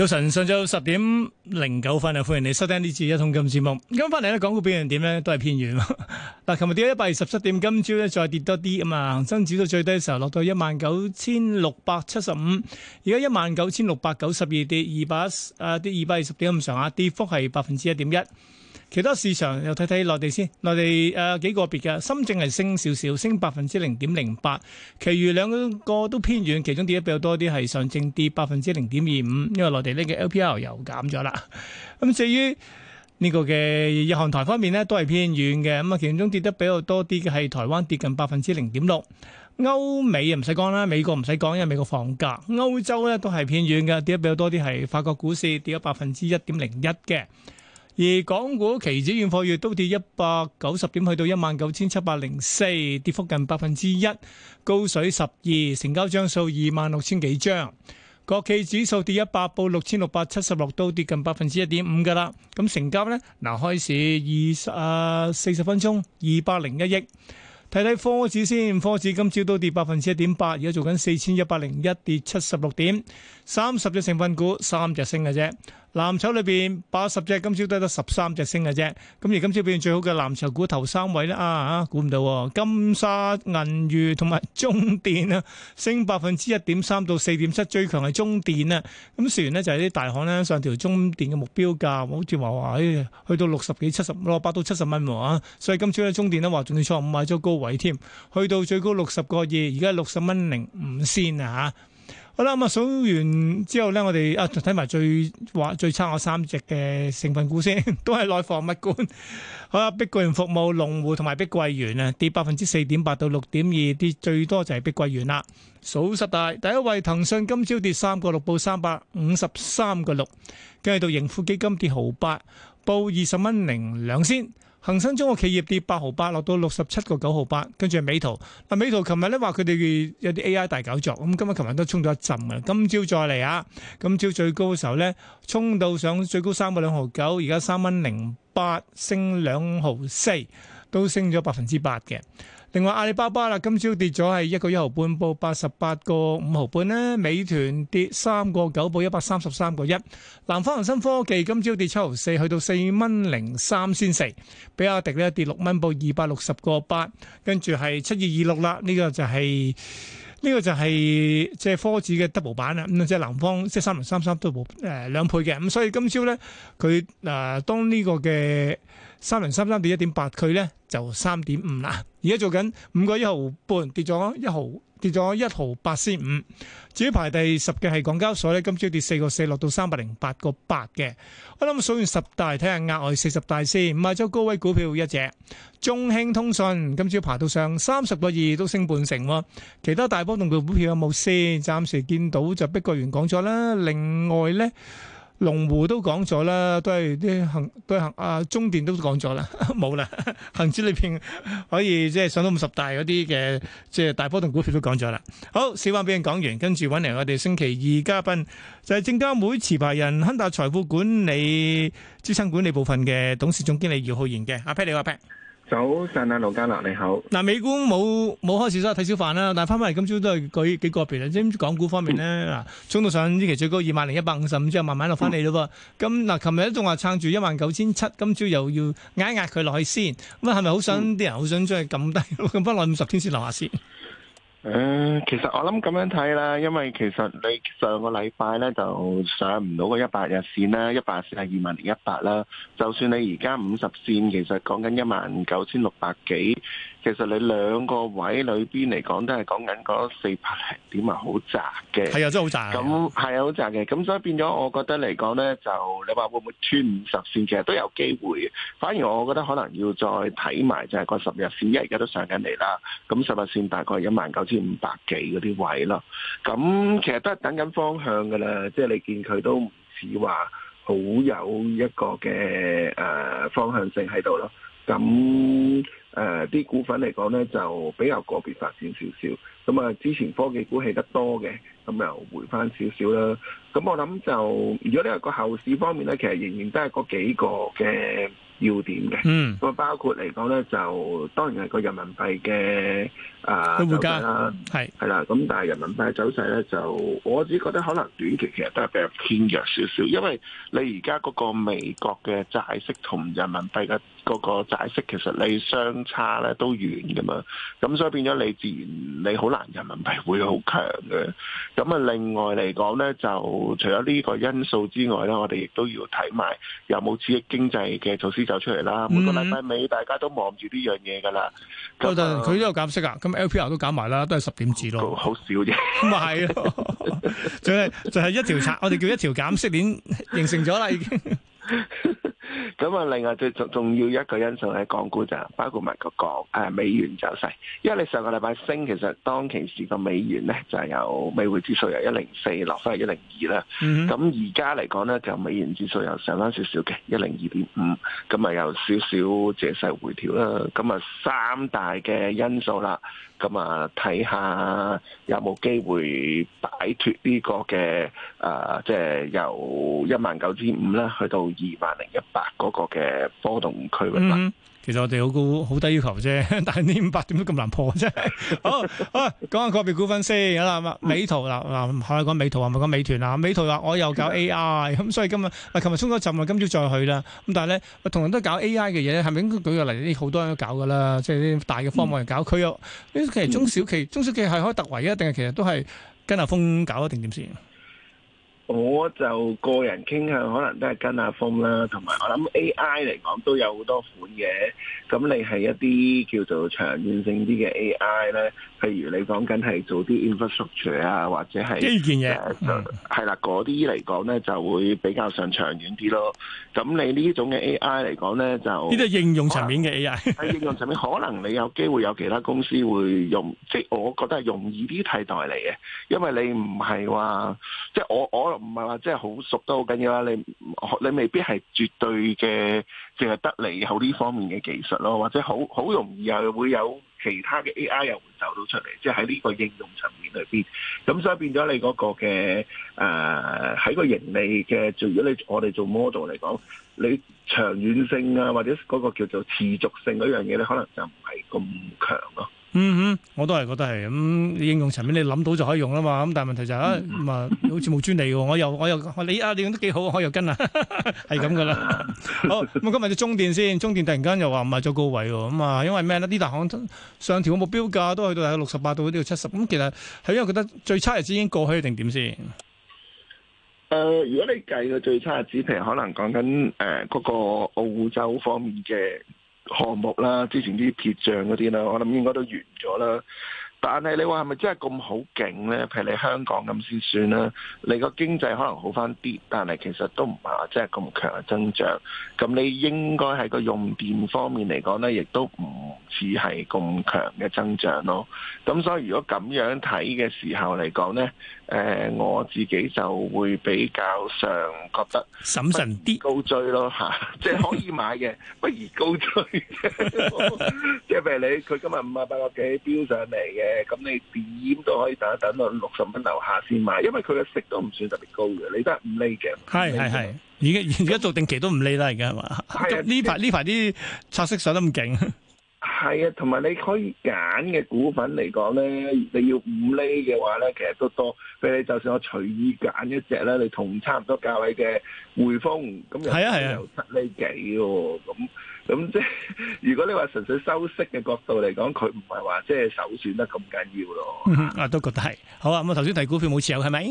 早晨，上晝十點零九分啊，歡迎你收聽呢次一通金節目。咁翻嚟咧，港股表現點咧？都係偏軟嗱，琴日跌咗一百二十七點，今朝咧再跌多啲咁啊，恒生指數最低嘅時候落到一萬九千六百七十五，而家一萬九千六百九十二跌二百，220, 啊跌二百二十點咁上下，跌幅係百分之一點一。其他市場又睇睇內地先，內地誒、呃、幾個別嘅，深證係升少少，升百分之零點零八。其餘兩個都偏遠，其中跌得比較多啲係上證跌百分之零點二五，因為內地呢個 LPR 又減咗啦。咁 至於呢、呢個嘅日韓台方面呢，都係偏遠嘅。咁啊，其中跌得比較多啲嘅係台灣跌近百分之零點六，歐美啊唔使講啦，美國唔使講，因為美國放假。歐洲呢都係偏遠嘅，跌得比較多啲係法國股市跌咗百分之一點零一嘅。而港股期指現貨月都跌一百九十點，去到一萬九千七百零四，跌幅近百分之一，高水十二，成交張數二萬六千幾張。國企指數跌一百，報六千六百七十六，都跌近百分之一點五噶啦。咁成交呢，嗱，開市二十啊四十分鐘二百零一億。睇睇科指先，科指今朝都跌百分之一點八，而家做緊四千一百零一，跌七十六點，三十隻成分股，三隻升嘅啫。藍籌裏邊八十隻今只今朝得得十三隻升嘅啫，咁而今朝變最好嘅藍籌股頭三位咧啊吓，估、啊、唔到、啊、金沙、銀娛同埋中電啊，升百分之一點三到四點七，最強係中電啊，咁、啊、船呢，就係、是、啲大行咧上調中電嘅目標價，好似話話喺去到六十幾、七十咯、啊，百到七十蚊啊，所以今朝咧中電呢話仲要創五買咗高位添，去到最高六十個二，而家六十蚊零五先啊吓。好啦，咁啊數完之後咧，我哋啊睇埋最話最差我三隻嘅成分股先，都係內房物管。好啦，碧桂園服務、龍湖同埋碧桂園啊，跌百分之四點八到六點二，跌最多就係碧桂園啦。數十大第一位，騰訊今朝跌三個六，報三百五十三個六。跟住到盈富基金跌毫八，報二十蚊零兩仙。恒生中國企業跌八毫八，落到六十七個九毫八，跟住美圖。嗱，美圖琴日咧話佢哋有啲 A.I. 大搞作，咁今日琴日都沖咗一陣嘅，今朝再嚟啊！今朝最高嘅時候咧，沖到上最高三個兩毫九，而家三蚊零八，升兩毫四，都升咗百分之八嘅。另外阿里巴巴啦，今朝跌咗係一個一毫半，報八十八個五毫半咧。美團跌三個九，就是，報一百三十三個一。南方恒生科技今朝跌七毫四，去到四蚊零三先四。比亞迪咧跌六蚊，報二百六十個八。跟住係七二二六啦。呢個就係呢個就係即係科指嘅 double 版啦。咁啊，即係南方即係三零三三 double 誒兩倍嘅。咁所以今朝咧佢嗱當呢個嘅。三零三三點一點八，佢咧就三點五啦。而家做緊五個一毫半，跌咗一毫，跌咗一毫八先五。至於排第十嘅係港交所咧，今朝跌四個四，落到三百零八個八嘅。我諗數完十大，睇下額外四十大先。買咗高位股票一隻，中興通訊今朝爬到上三十個二，都升半成。其他大波動嘅股票有冇先？暫時見到就碧桂園講咗啦。另外咧。龍湖都講咗啦，都係啲恆，都係恆啊，中電都講咗啦，冇 啦，恒指裏邊可以即係上到五十大嗰啲嘅，即係大波動股票都講咗啦。好，小話俾你講完，跟住揾嚟我哋星期二嘉賓，就係證監會持牌人，亨達財富管理資產管理部分嘅董事總經理姚浩然嘅，阿 Peter，p e t 早上啊，盧家樂你好。嗱，美股冇冇開始先睇小份啦，但係翻翻嚟今朝都係幾幾個別知唔知港股方面咧，衝、嗯、到上呢期最高二萬零一百五十五之後，慢慢落翻嚟咯噃。咁嗱、嗯，琴日都仲話撐住一萬九千七，今朝又要壓一壓佢落去先。咁啊，係咪好想啲人好想將佢撳低，撳翻落五十天線，留下先？誒，uh, 其實我諗咁樣睇啦，因為其實你上個禮拜呢，就上唔到個一百日線啦，一百日線係二萬零一百啦，就算你而家五十線，其實講緊一萬九千六百幾。其實你兩個位裏邊嚟講，都係講緊嗰四百零點啊，好窄嘅。係啊，真係好窄。咁係啊，好窄嘅。咁所以變咗，我覺得嚟講咧，就你話會唔會穿五十線，其實都有機會。反而我覺得可能要再睇埋就係、是、個十日線，因為而家都上緊嚟啦。咁十日線大概一萬九千五百幾嗰啲位咯。咁其實都係等緊方向噶啦，即係你見佢都唔止話好有一個嘅誒、呃、方向性喺度咯。咁誒啲、呃、股份嚟講咧，就比較個別發展少少。咁、嗯、啊，嗯、之前科技股起得多嘅，咁又回翻少少啦。咁我諗就，如果咧個後市方面咧，其實仍然都係嗰幾個嘅要點嘅。嗯。咁、嗯、啊，包括嚟講咧，就當然係個人民幣嘅啊走勢啦，係係啦。咁但係人民幣走勢咧，就我自己覺得可能短期其實都係比較偏弱少少，因為你而家嗰個美國嘅債息同人民幣嘅。個個債息其實你相差咧都遠㗎嘛，咁所以變咗你自然你好難人民幣會好強嘅。咁啊，另外嚟講咧，就除咗呢個因素之外咧，我哋亦都要睇埋有冇刺激經濟嘅措施走出嚟啦。每個禮拜尾大家都望住呢樣嘢㗎啦。佢、嗯啊、都有減息啊，咁 LPR 都減埋啦，都係十點至咯，好少啫。咁啊係就係、是、就係、是、一條拆，我哋叫一條減息鏈形成咗啦，已經。 咁啊， 另外最重重要一個因素喺港股就包括埋個港、誒、啊、美元走勢，因為你上個禮拜升，其實當其時個美元咧就係由美匯指數由一零四落翻去一零二啦。咁而家嚟講咧就美元指數又上翻少少嘅，一零二點五，咁啊有少少借勢回調啦。咁啊三大嘅因素啦，咁啊睇下有冇機會擺脫呢個嘅，誒、即、呃、係、就是、由一萬九千五啦去到。二萬零一百嗰個嘅波動區啦，2 <2: 其實我哋好高好低要求啫，但係呢五百點都咁難破真係。 好啊，講下個別股份先啦，咪美圖嗱嗱，我哋講美圖係咪講美團啊？美圖話 我又搞 AI，咁所以今日咪琴日衝咗一陣，今朝再去啦。咁但係咧，同人都搞 AI 嘅嘢咧，係咪應該舉個例啲好多人都搞㗎啦？即係啲大嘅科網嚟搞佢又， 其實中小企中小企係可以突圍啊？定係其實都係跟阿峰搞一定點先？我就個人傾向可能都係跟下風啦，同埋我諗 AI 嚟講都有好多款嘅，咁你係一啲叫做長遠性啲嘅 AI 呢？譬如你講緊係做啲 infrastructure 啊，或者係、uh, 呢件嘢，係啦，嗰啲嚟講咧就會比較上長遠啲咯。咁你種呢種嘅 AI 嚟講咧，就呢啲應用層面嘅 AI 喺 應用層面，可能你有機會有其他公司會用，即係我覺得係容易啲替代嚟嘅，因為你唔係話即係我我唔係話即係好熟都好緊要啦。你你未必係絕對嘅，淨係得你好呢方面嘅技術咯，或者好好容易係會有。其他嘅 AI 又會走到出嚟，即係喺呢個應用層面裏邊。咁所以變咗你嗰個嘅誒喺個盈利嘅，就如果你我哋做 model 嚟講，你長遠性啊或者嗰個叫做持續性嗰樣嘢咧，你可能就唔係咁強咯。嗯哼，我都係覺得係咁、嗯，應用層面你諗到就可以用啦嘛。咁但係問題就係、 啊，啊，好似冇專利嘅、哦，我又我又我，你啊，你用得幾好啊，可以跟啊，係咁噶啦。好，咁、 嗯、今日就中電先，中電突然間又話賣咗高位喎、哦。咁、嗯、啊，因為咩呢呢大行上調嘅目標價都去到係六十八度，呢度七十。咁其實係因為覺得最差日子已經過去定點先？誒、呃，如果你計嘅最差日子，譬如可能講緊誒嗰個澳洲方面嘅。項目啦，之前啲鐵像嗰啲啦，我諗應該都完咗啦。但係你話係咪真係咁好勁呢？譬如你香港咁先算啦，你個經濟可能好翻啲，但係其實都唔係話真係咁強嘅增長。咁你應該喺個用電方面嚟講呢，亦都唔似係咁強嘅增長咯。咁所以如果咁樣睇嘅時候嚟講呢。誒、呃、我自己就會比較上覺得謹慎啲高追咯嚇， 即係可以買嘅，不如高追。 即係譬如你佢今日五啊八個幾飆上嚟嘅，咁你點都可以等一等，到六十蚊樓下先買，因為佢嘅息都唔算特別高嘅，你都係唔匿嘅。係係係，而家而家做定期都唔匿啦，而家係嘛？呢排呢排啲拆息上得咁勁。係啊，同埋你可以揀嘅股份嚟講咧，你要五厘嘅話咧，其實都多。譬如你就算我隨意揀一隻咧，你同差唔多價位嘅匯豐咁，又係啊，又七厘幾喎。咁咁即係如果你話純粹收息嘅角度嚟講，佢唔係話即係首選得咁緊要咯。啊，都覺得係好啊。咁我頭先提股票冇持有係咪？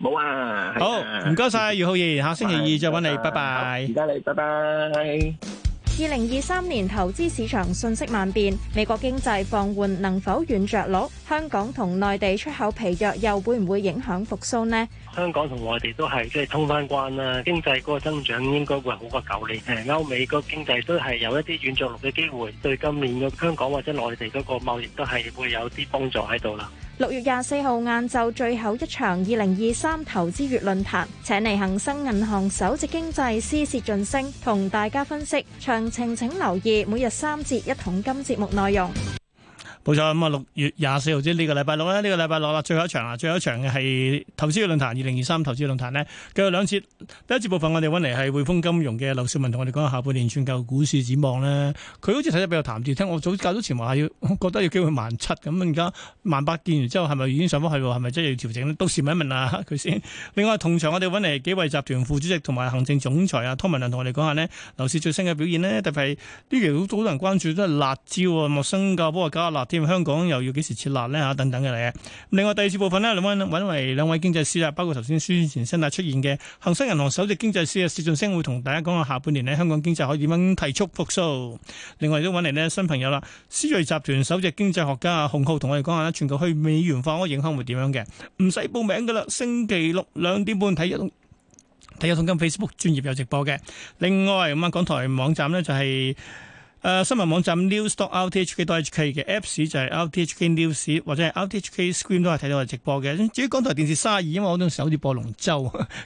冇啊。好，唔該晒，余浩然，下星期二再揾你，拜拜。唔該你，拜拜。二零二三年投資市場瞬息萬變，美國經濟放緩能否軟着陸？香港同內地出口疲弱又會唔會影響復甦呢？香港同內地都係即係通返關啦，經濟嗰個增長應該會好過舊年。誒，歐美嗰經濟都係有一啲軟著陸嘅機會，對今年嘅香港或者內地嗰個貿易都係會有啲幫助喺度啦。六月廿四號晏晝最後一場二零二三投資月論壇，請嚟恒生銀行首席經濟師薛俊升同大家分析詳情。請留意每日三節一桶金節目內容。好彩，咁啊、嗯這個、六月廿四號即係，呢、這個禮拜六啦。呢個禮拜六啦，最後一場啊，最後一場嘅係投資論壇，二零二三投資論壇呢，繼續兩節，第一節部分，我哋揾嚟係匯豐金融嘅劉少文同我哋講下半年全球股市展望呢，佢好似睇得比較淡啲，聽我早教咗前話要覺得要有機會萬七咁，而家萬八見完之後係咪已經上翻去喎？係咪真係要調整咧？到時問一問啊佢先。另外同場我哋揾嚟幾位集團副主席同埋行政總裁啊湯文亮同我哋講下呢，樓市最新嘅表現呢。特別呢期好多人關注都係辣招啊，莫新加坡啊搞辣香港又要幾時設立呢？嚇，等等嘅嚟嘅。另外第二部分咧，嚟揾嚟兩位經濟師啦，包括頭先薛俊昇啊出現嘅恒生銀行首席經濟師啊，薛俊昇會同大家講下下半年呢，香港經濟可以點樣提速復甦。另外都揾嚟呢新朋友啦，思睿集團首席經濟學家啊洪浩同我哋講下咧，全球去美元化嗰影響會點樣嘅。唔使報名噶啦，星期六兩點半睇一睇一桶金跟 Facebook 專頁有直播嘅。另外咁啊，港台網站呢、就是，就係。誒、呃、新聞網站 news dot rthk dot hk 嘅 Apps 就係 RTHK news 或者係 RTHK screen 都係睇到我哋直播嘅。至於港台電視卅二，因為我陣時好似播龍舟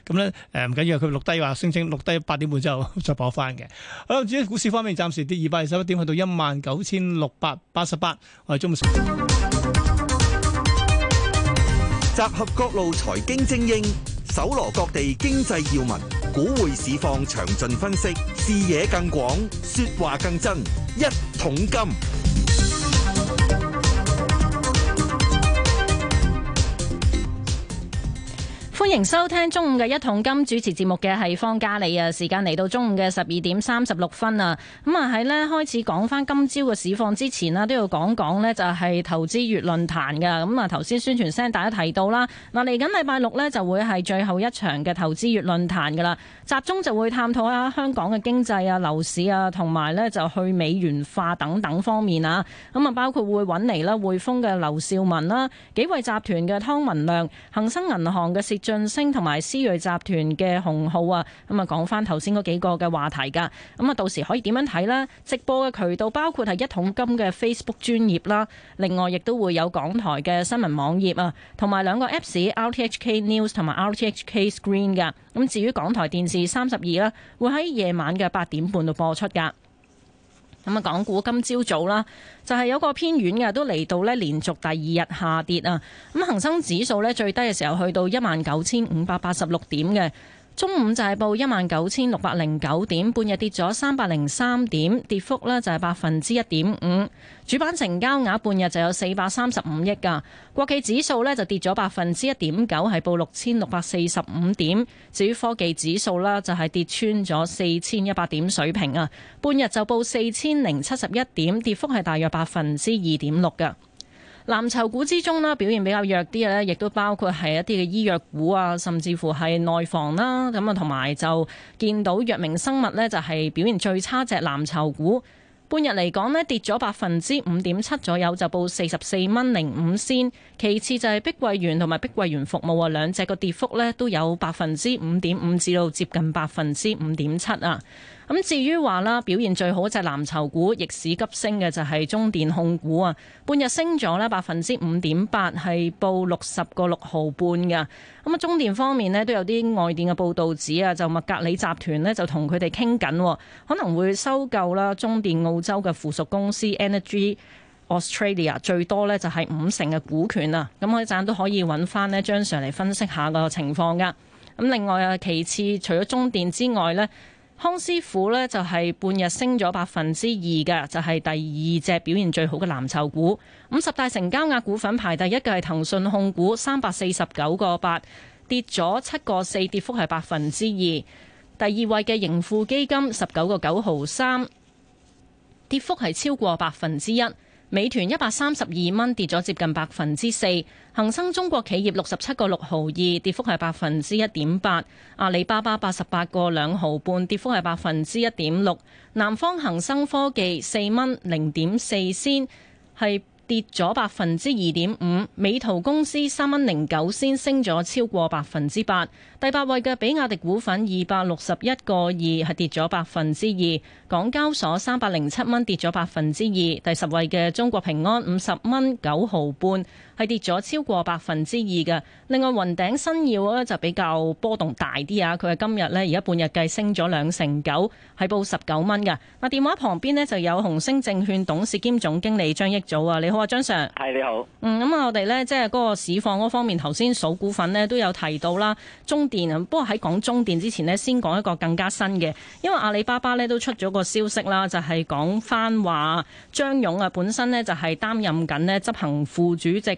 咁咧，誒 唔、嗯呃、緊要，佢錄低話聲稱錄低八點半之後 再播翻嘅。好，至於股市方面，暫時跌二百二十一點，去到一萬九千六百八十八，我哋中五。集合各路財經精英，搜羅各地經濟要聞，股匯市況詳盡分析。視野更廣，說話更真，一桶金。歡迎收聽中午嘅一桶金，主持節目嘅係方嘉莉啊，時間嚟到中午嘅十二點三十六分啊，咁啊喺呢開始講翻今朝嘅市況之前呢，都要講講呢就係投資月論壇噶，咁啊頭先宣傳聲大家提到啦，嗱，嚟緊禮拜六呢就會係最後一場嘅投資月論壇噶啦，集中就會探討下香港嘅經濟啊、樓市啊，同埋呢就去美元化等等方面啊，咁啊包括會揾嚟啦匯豐嘅劉少文啦，幾位集團嘅湯文亮、恒生銀行嘅薛俊。恒生同埋思睿集團嘅紅號啊，咁啊講翻頭先嗰幾個嘅話題噶，咁啊到時可以點樣睇啦？直播嘅渠道包括係一桶金嘅 Facebook 專頁啦，另外亦都會有港台嘅新聞網頁啊，同埋兩個 Apps，RTHK News 同埋 RTHK Screen 噶。咁至於港台電視三十二啦，會喺夜晚嘅八點半度播出噶。咁啊，港股今朝早啦，就係有個偏軟嘅，都嚟到咧連續第二日下跌啊。咁恒生指數咧，最低嘅時候去到一萬九千五百八十六點嘅。中午就係報一萬九千六百零九點，半日跌咗三百零三點，跌幅呢就係百分之一點五。主板成交額半日就有四百三十五億噶。國企指數呢就跌咗百分之一點九，係報六千六百四十五點。至於科技指數呢，就係跌穿咗四千一百點水平啊，半日就報四千零七十一點，跌幅係大約百分之二點六噶。藍籌股之中咧表現比較弱啲咧，亦都包括係一啲嘅醫藥股啊，甚至乎係內房啦，咁啊同埋就見到藥明生物呢，就係表現最差隻藍籌股，半日嚟講呢跌咗百分之五點七左右，就報四十四蚊零五仙。其次就係碧桂園同埋碧桂園服務啊，兩隻個跌幅呢都有百分之五點五至到接近百分之五點七啊。咁至於話啦，表現最好就係藍籌股，逆市急升嘅就係中電控股啊！半日升咗咧百分之五點八，係報六十個六毫半嘅。咁啊，中電方面咧都有啲外電嘅報導指啊，就麥格里集團咧就同佢哋傾緊，可能會收購啦中電澳洲嘅附屬公司 Energy Australia，最多咧就係五成嘅股權啊！咁我一陣都可以揾翻咧張 Sir 嚟分析下個情況嘅。咁另外啊，其次除咗中電之外咧。康師傅呢，就係半日升咗百分之二嘅，就係第二隻表現最好嘅藍籌股。五十大成交額股份排第一嘅係騰訊控股，三百四十九個八，跌咗七個四，跌幅係百分之二。第二位嘅盈富基金，十九個九毫三，跌幅係超過百分之一。美團一百三十二蚊，跌咗接近百分之四。恒生中國企業六十七個六毫二，跌幅係百分之一點八。阿里巴巴八十八個兩毫半，跌幅係百分之一點六。南方恒生科技四蚊零點四仙。係。跌咗百分之二點五，美圖公司三蚊零九先升咗超過百分之八，第八位嘅比亞迪股份二百六十一個二係跌咗百分之二，港交所三百零七蚊跌咗百分之二，第十位嘅中國平安五十蚊九毫半。係跌咗超過百分之二嘅。另外雲頂新耀呢就比較波動大啲啊。佢係今日呢，而家半日計升咗兩成九，係報十九蚊嘅。嗱電話旁邊呢就有紅星證券董事兼總經理張益祖啊。你好啊，張 Sir，係你好。嗯，咁啊，我哋呢，即係嗰個市況嗰方面，頭先數股份呢都有提到啦。中電啊，不過喺講中電之前呢，先講一個更加新嘅，因為阿里巴巴呢都出咗個消息啦，就係講返話張勇啊，本身呢就係擔任緊呢執行副主席。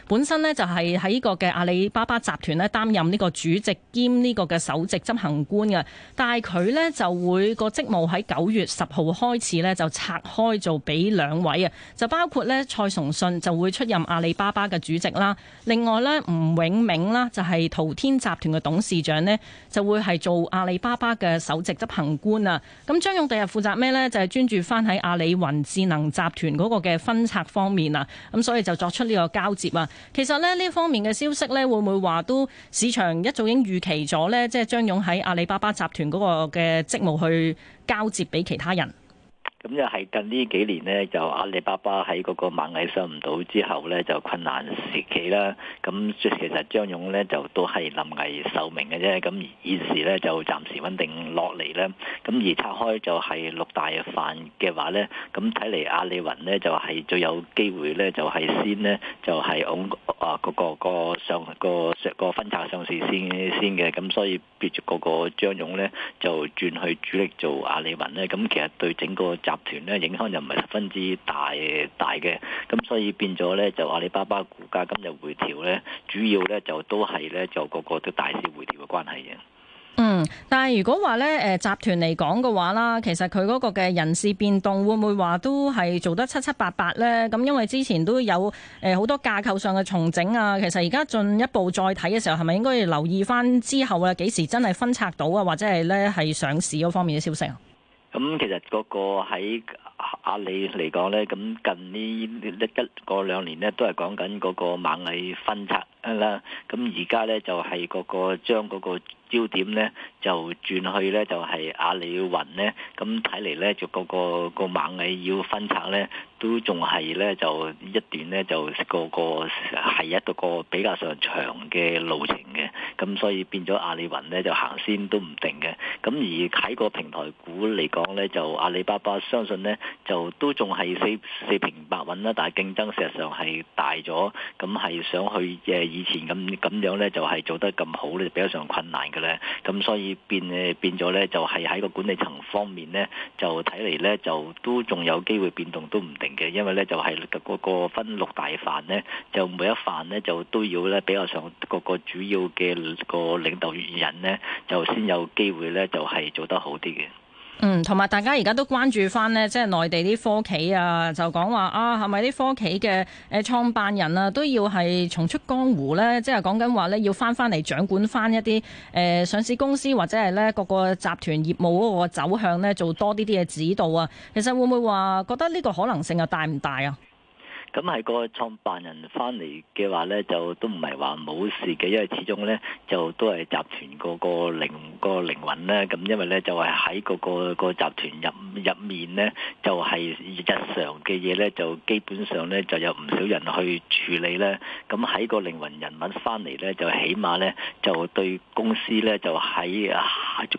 本身呢，就係喺呢個嘅阿里巴巴集團呢擔任呢個主席兼呢個嘅首席執行官嘅，但係佢呢，就會個職務喺九月十號開始呢就拆開做俾兩位啊，就包括呢蔡崇信就會出任阿里巴巴嘅主席啦，另外呢，吳永明啦就係淘天集團嘅董事長呢，就會係做阿里巴巴嘅首席執行官啊，咁張勇第日負責咩呢？就係、是、專注翻喺阿里雲智能集團嗰個嘅分拆方面啊，咁所以就作出呢個交接啊。其實咧呢方面嘅消息咧，會唔會話都市場一早已經預期咗咧？即係張勇喺阿里巴巴集團嗰個嘅職務去交接俾其他人。咁就係近呢幾年呢，就阿里巴巴喺嗰個螞蟻收唔到之後呢，就困難時期啦。咁其實張勇呢，就都係臨危受命嘅啫。咁現時呢，就暫時穩定落嚟啦。咁而拆開就係六大飯嘅話呢，咁睇嚟阿里雲呢，就係、是、最有機會呢，就係、是、先呢，就係往啊嗰個、那個那個嗰個嗰個上個、嗰個分拆上市先先嘅。咁所以逼住嗰個張勇呢，就轉去主力做阿里雲呢。咁其實對整個集團咧，影響又唔係十分之大，大嘅，咁所以變咗咧，就阿里巴巴股價今日回調咧，主要咧就都係咧就個個都大市回調嘅關係嘅。嗯，但係如果話咧誒集團嚟講嘅話啦，其實佢嗰個嘅人事變動會唔會話都係做得七七八八咧？咁因為之前都有誒好多架構上嘅重整啊，其實而家進一步再睇嘅時候，係咪應該要留意翻之後啊，幾時真係分拆到啊，或者係咧係上市嗰方面嘅消息啊？咁其實嗰個喺阿里嚟講呢，咁近呢一過兩年呢，都係講緊嗰個螞蟻分拆啦。咁而家呢，就係、是、嗰個將嗰個焦點呢，就轉去呢，就係阿里雲呢。咁睇嚟呢，就嗰、那個個螞蟻要分拆呢。都仲係咧，就一段咧就個個係一個個比較上長嘅路程嘅，咁所以變咗阿里雲咧就行先都唔定嘅。咁而喺個平台股嚟講咧，就阿里巴巴相信咧就都仲係四四平八穩啦，但係競爭事實上係大咗，咁係想去嘅以前咁咁樣咧就係、是、做得咁好咧就比較上困難嘅咧，咁所以變誒變咗咧就係、是、喺個管理層方面咧就睇嚟咧就都仲有機會變動都唔定。因為咧就係個個分六大範咧，就每一範咧就都要咧比較上個個主要嘅個領導人咧，就先有機會咧就係做得好啲嘅。嗯，同埋大家而家都關注翻呢，即係內地啲科企啊，就講話啊，係咪啲科企嘅誒創辦人啊，都要係重出江湖呢？即係講緊話呢，要翻翻嚟掌管翻一啲誒、呃、上市公司或者係呢各個集團業務嗰個走向呢，做多啲啲嘅指導啊。其實會唔會話覺得呢個可能性又大唔大啊？咁係個創辦人翻嚟嘅話呢，就都唔係話冇事嘅，因為始終呢，就都係集團個個靈、個靈魂啦。咁因為呢，就係、係、喺、個、個集團入入面呢，就係、係、日常嘅嘢呢，就基本上呢，就有唔少人去處理呢。咁、咁、喺個靈魂人物翻嚟呢，就起碼呢，就對公司呢，就喺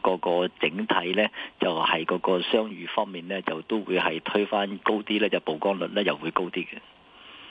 個個整體呢，就係、係、個個商譽方面呢，就都會係推翻高啲呢，就曝光率呢，又會高啲嘅。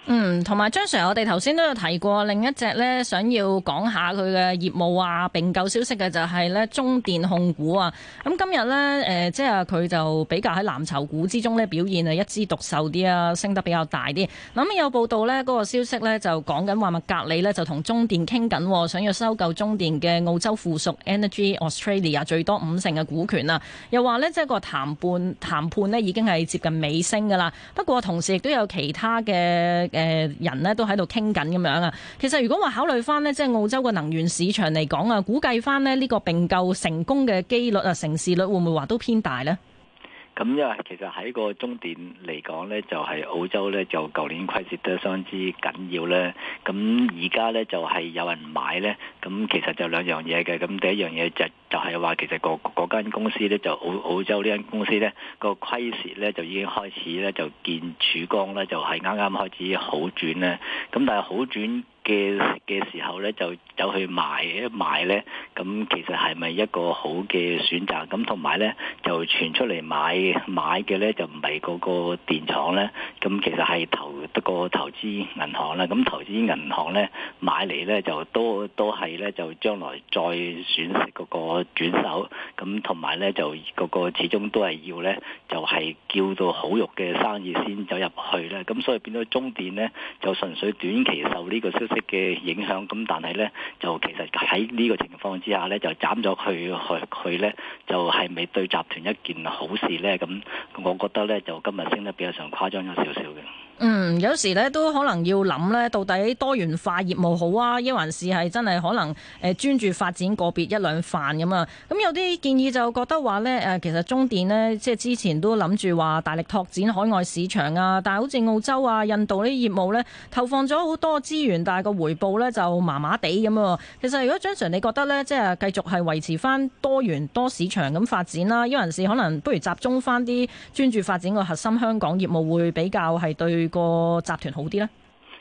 嗯，同埋張 Sir，我哋頭先都有提過另一隻呢，想要講下佢嘅業務啊、並購消息嘅就係呢，中電控股啊。咁今日呢，誒即係佢就比較喺藍籌股之中呢，表現啊一枝獨秀啲啊，升得比較大啲。咁、嗯、有報道呢嗰、嗰個消息呢，就講緊話麥格理呢就同中電傾緊、啊，想要收購中電嘅澳洲附屬 Energy Australia 最多五成嘅股權啊。又話呢，即係個談判談判呢已經係接近尾聲噶啦。不過同時亦都有其他嘅。誒人咧都喺度傾緊咁樣啊！其實如果話考慮翻呢，即係澳洲嘅能源市場嚟講啊，估計翻咧呢個並購成功嘅機率啊，成事率會唔會話都偏大呢？咁因為其實喺個終點嚟講呢，就係澳洲呢，就舊年虧蝕得相之緊要咧。咁而家呢，就係有人買呢。咁其實就兩樣嘢嘅，咁第一樣嘢就就係話其實嗰嗰間公司咧，就澳澳洲呢間公司咧個虧蝕咧就已經開始咧就見曙光啦，就係啱啱開始好轉咧。咁但係好轉嘅嘅時候咧，就走去買一買咧，咁其實係咪一個好嘅選擇？咁同埋咧就傳出嚟買買嘅咧就唔係嗰個電廠咧，咁其實係投得個投資銀行啦。咁投資銀行咧買嚟咧就都都係。你咧就將來再選嗰個轉手，咁同埋咧就嗰個個始終都係要咧，就係叫到好肉嘅生意先走入去咧，咁所以變咗中電咧就純粹短期受呢個消息嘅影響，咁但係咧就其實喺呢個情況之下咧就斬咗佢，佢佢咧就係咪對集團一件好事咧？咁我覺得咧就今日升得比較上誇張咗少少嘅。嗯，有時咧都可能要諗咧，到底多元化業務好啊，抑或是係真係可能誒專注發展個別一兩範咁啊？咁、嗯、有啲建議就覺得話咧誒，其實中電呢，即係之前都諗住話大力拓展海外市場啊，但係好似澳洲啊、印度呢啲業務呢，投放咗好多資源，但係個回報呢就麻麻地咁，其實如果張 Sir，你覺得呢，即係繼續係維持翻多元多市場咁發展啦，抑或是可能不如集中翻啲專注發展個核心香港業務會比較係對？個集團好啲啦。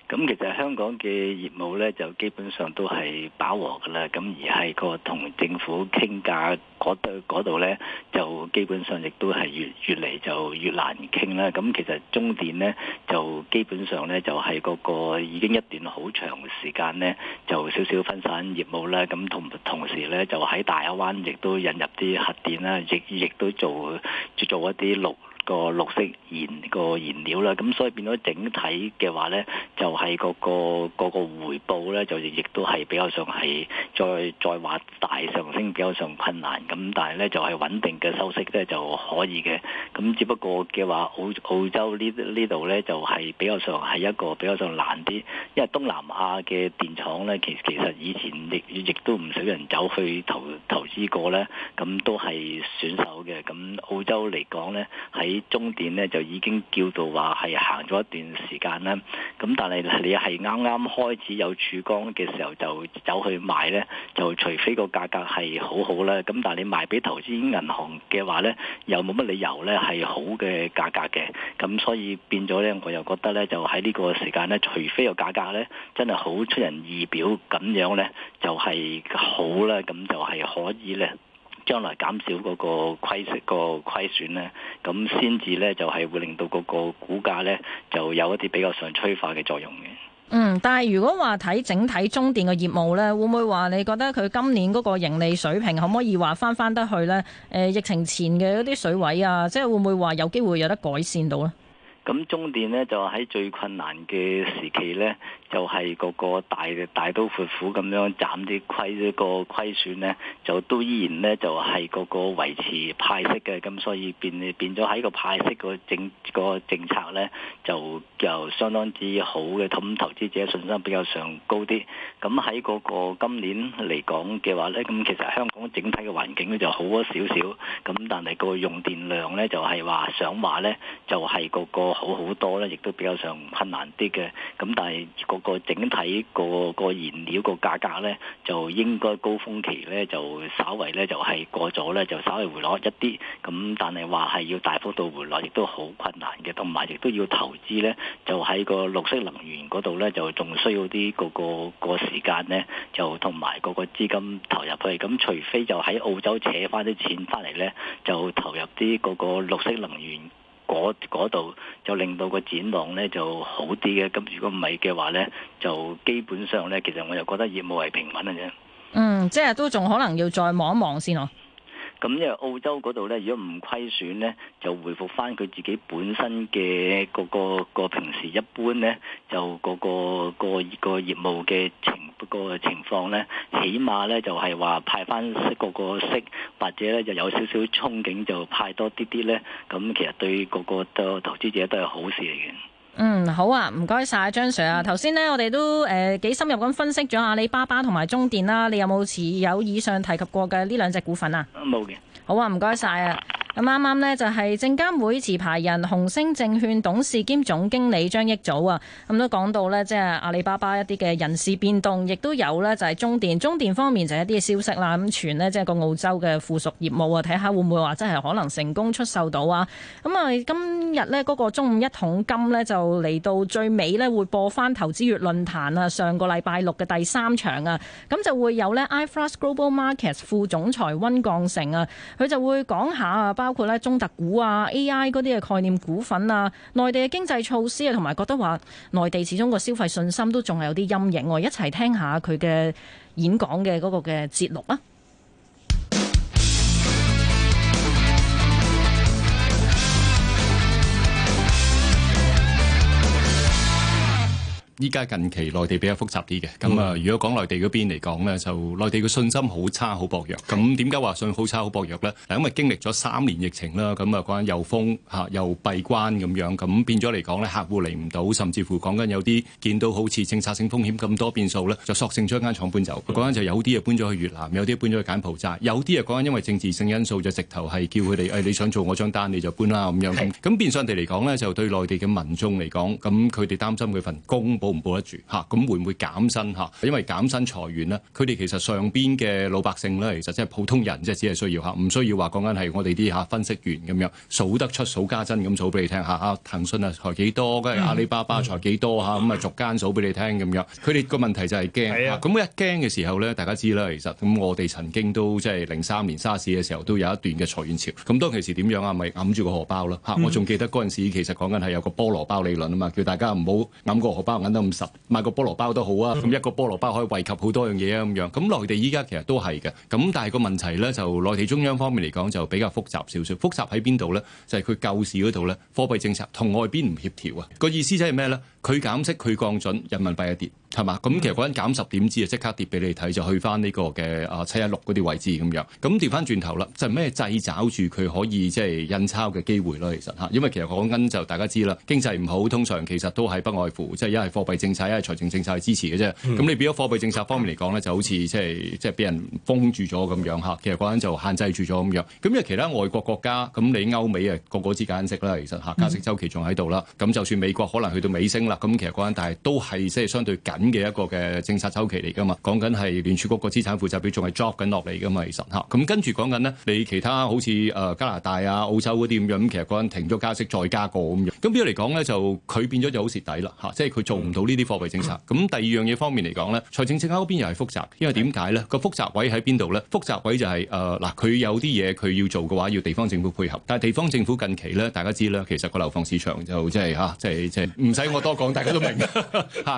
咁其實香港嘅業務呢，就基本上都係飽和嘅啦，咁而係個同政府傾價嗰度呢，就基本上亦都係越越嚟就越難傾啦。咁其實中電呢，就基本上呢，就係嗰個已經一段好長時間呢，就少少分散業務啦，咁同同時呢，就喺大亞灣亦都引入啲核電啦，亦亦都做做一啲綠個綠色燃個燃料啦，咁所以變咗整體嘅話呢，就係、是、個個個個回報呢，就亦都係比較上係再再擴大上升比較上困難。咁但係呢，就係、是、穩定嘅收息呢，就可以嘅。咁只不過嘅話，澳澳洲呢呢度呢，就係、是、比較上係一個比較上難啲，因為東南亞嘅電廠呢，其實其實以前亦亦都唔少人走去投投資過呢。咁都係選手嘅。咁澳洲嚟講呢。喺終點咧就已經叫做話係行咗一段時間啦，咁但係你係啱啱開始有曙光嘅時候就走去買咧，就除非個價格係好好啦，咁但係你賣俾投資銀行嘅話咧，又冇乜理由咧係好嘅價格嘅，咁所以變咗咧，我又覺得咧就喺呢個時間咧，除非個價格咧真係好出人意表咁樣咧，就係、是、好啦，咁就係可以咧。將來減少嗰個虧損，個虧損咧，咁先至咧就係會令到嗰個股價咧就有一啲比較上催化嘅作用嘅。嗯，但係如果話睇整體中電嘅業務咧，會唔會話你覺得佢今年嗰個盈利水平可唔可以話翻翻得去咧？誒、呃，疫情前嘅一啲水位啊，即係會唔會話有機會有得改善到咧？咁中電咧就喺最困難嘅時期咧，就係個個大大刀闊斧咁樣斬啲虧呢、個虧損咧，就都依然咧就係、係、個個維持派息嘅，咁所以變變咗喺個派息個政、個政策咧，就就相當之好嘅，咁投資者信心比較上高啲。咁喺個個今年嚟講嘅話咧，咁其實香港整體嘅環境咧就好咗少少，咁但係個用電量咧就係話想話咧，就係、係、個、就係、個好好多啦，亦都比較上困難啲嘅。咁但係個個整體個個燃料個價格咧，就應該高峰期咧，就稍為咧就係過咗咧，就稍為回落一啲。咁但係話係要大幅度回落，亦都好困難嘅。同埋亦都要投資咧，就喺個綠色能源嗰度咧，就仲需要啲、個個、個時間咧，就同埋個個資金投入去。咁除非就喺澳洲扯翻啲錢翻嚟咧，就投入啲個個綠色能源。嗰度就令到個展望咧就好啲嘅，咁如果唔係嘅話咧，就基本上咧，其實我又覺得業務係平穩嘅啫。嗯，即係都仲可能要再望一望先咯、啊。咁因為澳洲嗰度咧，如果唔虧損咧，就回復翻佢自己本身嘅嗰個個，個平時一般咧，就個個個個業務嘅情個情況咧，起碼咧就係話派翻息個個息，或者咧就有少少憧憬，就派多啲啲咧，咁其實對個個投投資者都係好事嚟嘅。.嗯，好啊，唔該晒張 Sir 啊。頭先呢，我哋都誒、呃、幾深入咁分析咗阿里巴巴同埋中電啦，啊。你有冇持有以上提及過嘅呢兩隻股份啊？冇嘅。好啊，唔該晒啊。啱啱呢就係證監會持牌人，紅星證券董事兼總經理張益祖啊，咁都講到呢，即係阿里巴巴一啲嘅人事變動，亦都有呢，就係中電。中電方面就一啲嘅消息啦，咁傳呢，即係個澳洲嘅附屬業務啊，睇下會唔會話真係可能成功出售到啊。咁啊，今日呢，嗰個中午一桶金呢，就嚟到最尾呢，會播翻投資月論壇啊，上個禮拜六嘅第三場啊，咁就會有呢 iFAST Global Markets 副總裁温鋼成啊，佢就會講下啊包括咧中特股啊、AI 嗰啲嘅概念股份啊、內地嘅經濟措施啊，同埋覺得話內地始終個消費信心都仲係有啲陰影。我一齊聽下佢嘅演講嘅嗰個嘅節目。啊。依家近期內地比較複雜啲嘅，咁啊，如果講內地嗰邊嚟講呢，就內地嘅信心好差，好薄弱。咁點解話信心好差，好薄弱呢？嗱，因為經歷咗三年疫情啦，咁啊講緊又封吓、啊，又閉關咁樣，咁變咗嚟講呢，客戶嚟唔到，甚至乎講緊有啲見到好似政策性風險咁多變數呢，就索性將間廠搬走。講緊就有啲嘢搬咗去越南，有啲搬咗去柬埔寨，有啲啊講緊因為政治性因素就直頭係叫佢哋誒，你想做我張單你就搬啦咁樣。咁變相地嚟講呢，就對內地嘅民眾嚟講，咁佢哋擔心佢份工保保唔保得住嚇？咁會唔會減薪嚇？因為減薪裁員呢，佢哋其實上邊嘅老百姓咧，其實即係普通人，即係只係需要嚇，唔需要話講緊係我哋啲嚇分析員咁樣數得出數家珍咁數俾你聽嚇。騰訊啊，裁幾、啊、多？跟住阿里巴巴裁幾多嚇？咁啊，逐間數俾你聽咁樣。佢哋個問題就係驚。咁對呀、啊、一驚嘅時候咧，大家知啦。其實咁、嗯、我哋曾經都即係零三年沙士嘅時候，都有一段嘅裁員潮。咁當其時點樣啊？咪揞住個荷包啦嚇、啊。我仲記得嗰陣時，其實講緊係有個菠蘿包理論啊嘛，叫大家唔好揞個荷包咁五十買個菠蘿包都好啊，咁一個菠蘿包可以惠及好多樣嘢啊，咁樣咁內地依家其實都係嘅，咁但係個問題呢，就內地中央方面嚟講就比較複雜少少，複雜喺邊度呢？就係佢救市嗰度呢，貨幣政策同外邊唔協調啊，個意思就係咩呢？佢減息佢降準，人民幣一跌。係嘛？咁其實嗰陣減十點止、這個、啊，即刻跌俾你睇就去翻呢個嘅啊七一六嗰啲位置咁樣。咁跌翻轉頭啦，就咩製找住佢可以即係、就是、印鈔嘅機會咯。其實嚇，因為其實講緊就大家知啦，經濟唔好，通常其實都係不外乎即係一係貨幣政策，一係財政政策去支持嘅啫。咁、嗯、你變咗貨幣政策方面嚟講咧，就好似即係即係俾人封住咗咁樣嚇。其實嗰陣就限制住咗咁樣。咁因為其他外國國家咁你歐美啊個個都加緊息啦，其實嚇加息週期仲喺度啦。咁、嗯、就算美國可能去到尾聲啦，咁其實嗰陣但係都係即係相對緊嘅一個嘅政策周期嚟噶嘛，講緊係聯儲局個資產負債表仲係 drop 緊落嚟噶嘛，其實嚇咁跟住講緊呢，你其他好似誒加拿大啊、澳洲嗰啲咁樣，咁其實嗰陣停咗加息，再加個咁樣，咁邊度嚟講咧就佢變咗就好蝕底啦嚇，即係佢做唔到呢啲貨幣政策。咁第二樣嘢方面嚟講咧，財政政策嗰邊又係複雜，因為點解咧個複雜位喺邊度咧？複雜位就係誒嗱，佢有啲嘢佢要做嘅話，要地方政府配合，但係地方政府近期咧，大家知啦，其實個樓房市場就即係嚇，即係即係唔使我多講，大家都明嚇。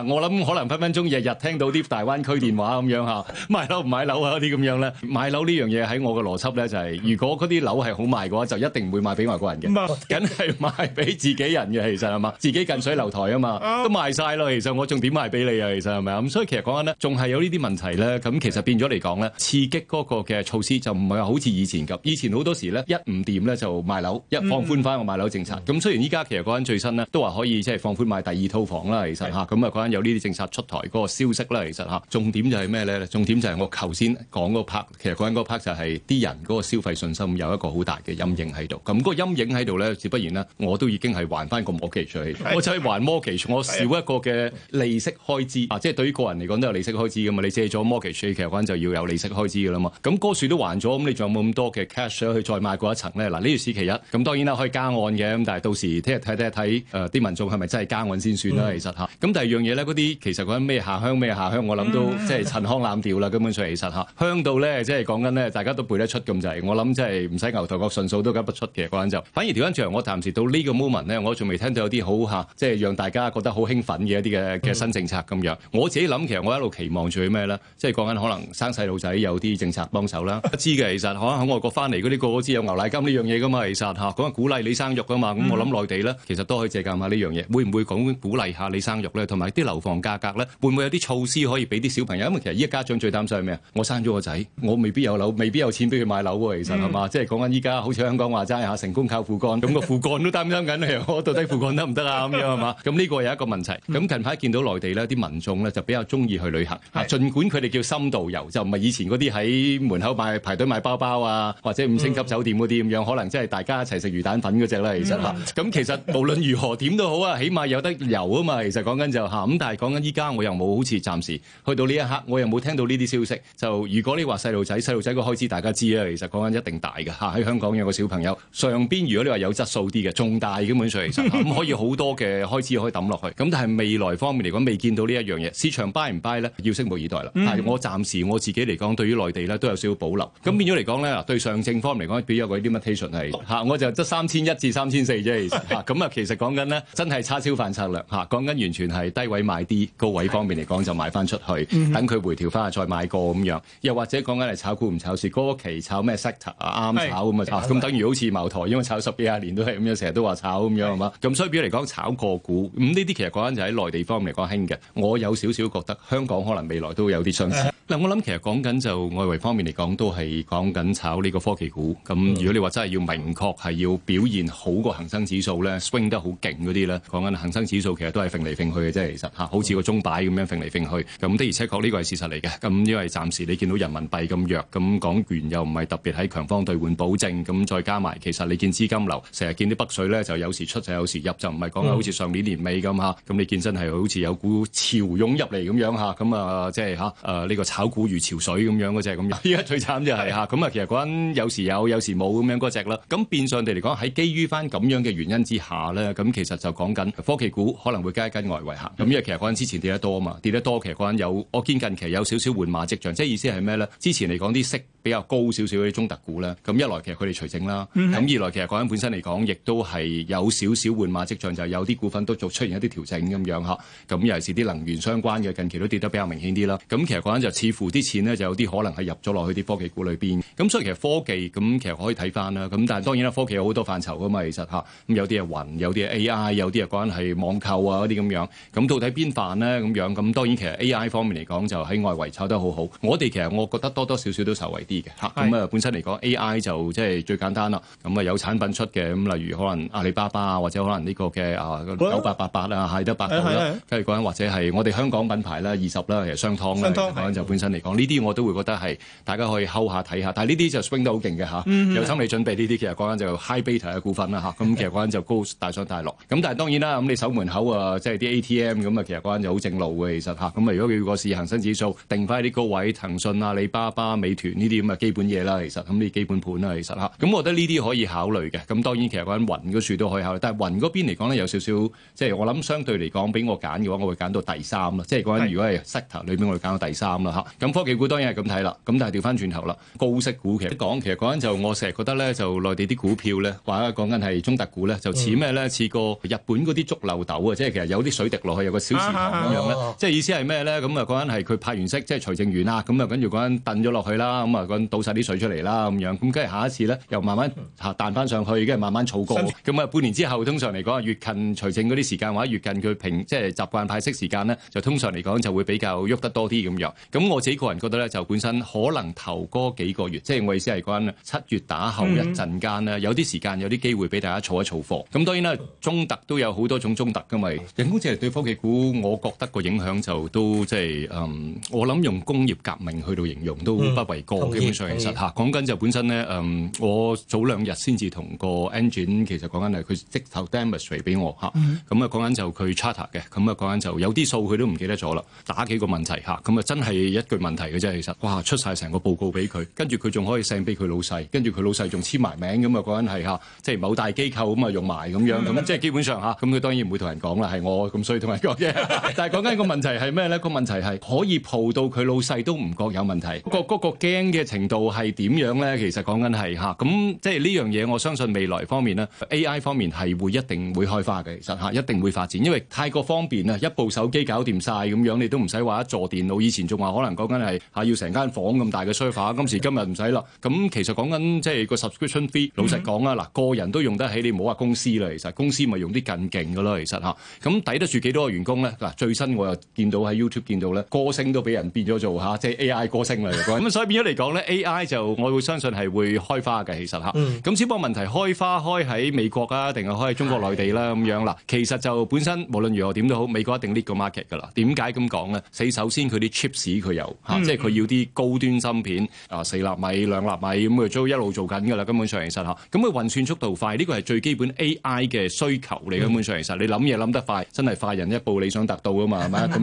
我諗可能。分分鐘日日聽到啲大灣區電話咁樣嚇，賣樓唔買樓啊啲咁樣咧，買樓呢樣嘢喺我嘅邏輯咧就係，如果嗰啲樓係好賣嘅話，就一定唔會賣俾外國人嘅，緊係賣俾自己人嘅，其實係嘛，自己近水樓台啊嘛，都賣曬咯，其實我仲點賣俾你啊？其實係咪啊？咁所以其實講緊咧，仲係有呢啲問題咧，咁其實變咗嚟講咧，刺激嗰個嘅措施就唔係好似以前咁，以前好多時咧一唔掂咧就賣樓，一放寬翻個賣樓政策，咁雖然依家其實講緊最新咧都話可以即係放寬買第二套房啦，其實嚇，咁啊講緊有呢啲政策出。台嗰個消息咧，其實嚇重點就係咩咧？重點就係我頭先講嗰 part，其實講緊嗰 part 就係啲人嗰個消費信心有一個好大嘅陰影喺度。咁、嗰個陰影喺度咧，自不然呢，我都已經係還翻個 mortgage 出嚟， 我走去還 mortgage，我少一個嘅利息開支 啊！即係對於個人嚟講都有利息開支噶嘛，你借咗 mortgage 其實講緊就要有利息開支噶啦嘛。咁、嗰個數都還咗，咁你仲有冇咁多嘅 cash 去再買過一層咧？嗱、啊，呢段時期一咁當然啦，可以加按嘅，咁但係到時聽日睇睇睇，誒啲、呃、民眾係咪真係加按先算啦？其實吓，咁、嗯、第二樣嘢咧，嗰啲其實講咩下鄉咩下鄉，我諗都即係陳腔濫調啦，根本上其實嚇，鄉到咧即係講緊咧，大家都背得出咁滯，我諗即係唔使牛頭角順數都計得出嘅嗰陣就，反而調翻轉，我暫時到呢個 moment 咧，我仲未聽到有啲好嚇，即係讓大家覺得好興奮嘅一啲嘅嘅新政策咁樣。我自己諗其實我一路期望住咩咧，即係講緊可能生細路仔有啲政策幫手啦，不知嘅其實可能喺外國翻嚟嗰啲個個知有牛奶金呢樣嘢噶嘛，其實嚇，講緊鼓勵你生育噶嘛，咁我諗內地咧其實都可以借鑑下呢樣嘢，會唔會講鼓勵下你生育咧，同埋啲樓房價格會唔會有啲措施可以俾啲小朋友？因為其實依家家長最擔心係咩啊？我生咗個仔，我未必有樓，未必有錢俾佢買樓喎。其實係嘛，嗯、即係講緊依家，好似香港話齋嚇、啊，成功靠父幹，咁個父幹都擔心緊啦。我 到底父幹得唔得啊？咁樣係嘛？咁呢個又有一個問題。咁、嗯、近排見到內地呢啲民眾呢，就比較中意去旅行。是的 儘管佢哋叫深度遊，就唔係以前嗰啲喺門口買排隊買包包啊，或者五星級酒店嗰啲咁樣，可能真係大家一齊食魚蛋粉嗰隻喇。其實咁其實無論如何點都好啊，起碼有得遊啊嘛。其實講緊就嚇、是，咁、啊、但係講緊依家。我又冇好似暫時去到呢一刻，我又冇聽到呢啲消息。就如果你話細路仔，細路仔個開支大家知啊，其實講緊一定大嘅嚇。喺香港有個小朋友上邊，如果你話有質素啲嘅，重大基本上其實嚇可以好多嘅開支可以抌落去。咁但係未來方面嚟講，未見到呢一樣嘢，市場 buy 唔 buy 咧？要拭目以待啦。但係我暫時我自己嚟講，對於內地咧都有少少保留。咁變咗嚟講咧，對上證方面嚟講，比咗嗰啲 mutation 係嚇，我就得三千一至三千四啫。咁啊，其實講緊咧，真係叉燒飯策略嚇，講緊完全係低位買啲，高位。幾方面嚟講就賣翻出去，等佢回調翻，再買過咁樣。又或者講緊係炒股唔炒市，嗰期炒咩 sector 啊啱炒咁啊，咁等於好似茅台，因為炒十幾廿年都係咁樣，成日都話炒咁是樣啊嘛。咁所以嚟講炒個股，咁呢啲其實講緊就喺內地方嚟講興嘅。我有少少覺得香港可能未來都有啲相似。嗱是，我諗其實講緊就外圍方面嚟講都係講緊炒呢個科技股。咁如果你話真係要明確係要表現好過恒生指數咧，swing 得好勁嗰啲咧，講緊恒生指數其實都係揈嚟揈去嘅啫。其實嚇，好似個中。擺咁樣揈嚟揈去，咁的而且確呢個係事實嚟嘅。咁因為暫時你見到人民幣咁弱，咁港元又唔係特別喺強方兌換保證，咁再加埋其實你見資金流成日見啲北水咧，就有時出就有時入，就唔係講緊好似上年年尾咁嚇。咁你見真係好似有股潮湧入嚟咁樣嚇，咁啊即係嚇誒呢個炒股如潮水咁樣嗰隻咁樣。依家最慘就係、是、嚇，咁啊 其實嗰陣有時有，有時冇咁樣嗰隻啦。咁變相地嚟講，喺基於翻咁樣嘅原因之下咧，咁其實就講緊科技股可能會加一跟外圍嚇。咁因為其實嗰陣之前跌得多啊嘛，跌得多，其實嗰陣有，我見近期有少少換馬跡象，即係意思係咩咧？之前嚟講啲息比較高少少嗰啲中特股咧，咁一來其實佢哋調整啦，咁二來其實嗰陣本身嚟講，亦都係有少少換馬跡象，就係有啲股份都仲出現一啲調整咁樣嚇。咁尤其是啲能源相關嘅近期都跌得比較明顯啲啦。咁其實嗰陣就似乎啲錢咧就有啲可能係入咗落去啲科技股裏邊。咁所以其實科技咁其實可以睇翻啦。咁但係當然啦，科技有好多範疇㗎嘛，其實吓，咁有啲係雲，有啲係 AI，有啲係關係網購啊嗰啲咁樣。咁到底邊範咧？咁樣咁當然其實 AI 方面嚟講就喺外圍炒得好好，我哋其實我覺得多多少少都受惠啲嘅嚇。咁啊的本身嚟講 AI 就即係最簡單啦。咁啊有產品出嘅咁，例如可能阿里巴巴啊，或者可能呢個嘅啊九八八八啊，係得百度啦。跟住嗰陣或者係我哋香港品牌啦，二十啦，其實商湯啦，咁湯就本身嚟講呢啲我都會覺得係大家可以 hold 下睇下。但係呢啲就 swing 得好勁嘅嚇，有心理準備呢啲其實嗰陣就 high beta 嘅股份啦嚇。咁、嗯、哼其實嗰陣就高大上大落。咁 但係當然啦，咁你守門口啊，即係啲 ATM 咁啊，其實嗰陣就好正路嘅其實嚇，咁啊如果佢個恆生指數定翻啲高位，騰訊、阿里巴巴、美團呢啲咁嘅基本嘢啦，其實咁啲基本盤啦，其實嚇，咁、啊、我覺得呢啲可以考慮嘅。咁、啊、當然其實講緊雲嗰處都可以考慮，但係雲嗰邊嚟講呢有少少即係我諗相對嚟講，俾我揀嘅話我、就是，我會揀到第三啦。即係講緊如果係 sector 裏邊，我會揀到第三啦嚇。咁科技股當然係咁睇啦，咁但係調翻轉頭啦，高息股其實講其實講緊就我成日覺得咧，就內地啲股票咧，或者講緊係中特股咧，就似咩咧？似個日本嗰啲竹漏豆啊，即係其實有啲水滴落去，有個小池塘咁樣。啊啊啊啊即係意思係咩咧？咁啊嗰陣係佢派完息，即係除淨完啦。咁啊，跟住嗰陣褪咗落去啦。咁啊，嗰陣倒晒啲水出嚟啦。咁樣，咁跟住下一次咧，又慢慢嚇彈翻上去，跟住慢慢儲過。咁啊，半年之後通常嚟講，越近除淨嗰啲時間嘅話，越近佢平，即係習慣派息時間咧，就通常嚟講就會比較喐得多啲咁樣。咁我自己個人覺得咧，就本身可能頭嗰幾個月，即係我意思係講七月打後一陣間咧，有啲時間，有啲機會俾大家儲一儲貨。咁當然啦，中特都有好多種中特噶嘛。人工智能對科技股，我覺得。個影響就都即係嗯，我諗用工業革命去到形容都不為過。嗯、基本上意其實嚇，講緊就本身咧，嗯，我早兩日先至同個 engine 其實講緊係佢即頭 demo 俾我嚇，咁啊講緊就佢 chatter 嘅，咁啊講緊就有啲數佢都唔記得咗啦，打幾個問題嚇，咁啊真係一句問題嘅啫，其實哇出晒成個報告俾佢，跟住佢仲可以 send 俾佢老細，跟住佢老細仲簽埋名，咁啊講緊係嚇，即係某大機構咁啊用埋咁樣，咁即係基本上嚇，咁佢當然唔會同人講啦，係我咁衰同人講啫，但係 講緊個問題係咩呢？個問題係可以抱到佢老細都唔覺有問題，不過嗰個驚嘅程度係點樣呢？其實講緊係吓，咁即係呢樣嘢，我相信未來方面呢 AI 方面係會一定會開花嘅，其實吓，一定會發展，因為太過方便啦，一部手機搞掂晒，咁樣，你都唔使話一座電腦。以前仲話可能講緊係吓要成間房咁大嘅沙發，今時今日唔使啦。咁其實講緊即係個 subscription fee，老實講啊，嗱個人都用得起，你唔好話公司啦。其實公司咪用啲更勁嘅咯，其實吓，咁抵得住幾多個員工呢？嗱最新。Ment. 我又見到喺 YouTube 見到咧，歌星都俾人變咗做嚇，即係 AI 歌星啦。咁所以變咗嚟講咧，AI 就我會相信係會開花嘅。其實嚇，咁只不過問題開花開喺美國啊，定係開喺中國內地啦咁樣啦。其實就本身無論如何點都好，美國一定 lead 個 market 噶啦。點解咁講咧？四首先佢啲 chips 佢有嚇，即係佢要啲高端芯片啊，四納米、兩納米咁佢，一路做緊噶啦。根本上其實嚇，咁佢運算速度快，呢個係最基本 AI 嘅需求嚟。根本上其實你諗嘢諗得快，真係快人一步，你想達到咁。啊咁、嗯、哲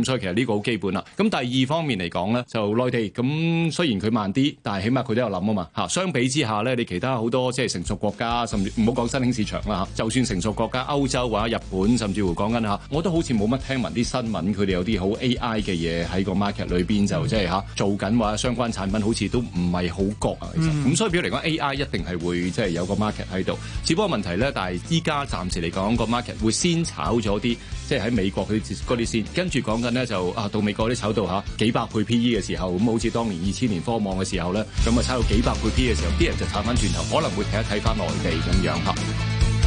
所以其實呢個好基本啦。咁第二方面嚟講咧，就內地咁雖然佢慢啲，但係起碼佢都有諗啊嘛嚇。相比之下咧，你其他好多即係成熟國家，甚至唔好講新興市場啦嚇、啊。就算成熟國家，歐洲或者日本，甚至乎講緊嚇，我都好似冇乜聽聞啲新聞，佢哋有啲好 AI 嘅嘢喺個 market 裏邊就即係嚇做緊話相關產品好，好似都唔係好覺啊。咁所以嚟講、嗯，AI 一定係會即係、就是、有個 market 喺度。只不過問題咧，但係依家暫時嚟講、個 market 會先炒咗啲。即係喺美國佢嗰啲先，跟住講緊咧就啊到美國啲炒到嚇幾百倍 PE 嘅時候，咁、嗯、好似當年二千年科網嘅時候咧，咁啊炒到幾百倍 PE 嘅時候，啲人就炒翻轉頭，可能會睇一睇翻內地咁樣嚇。啊。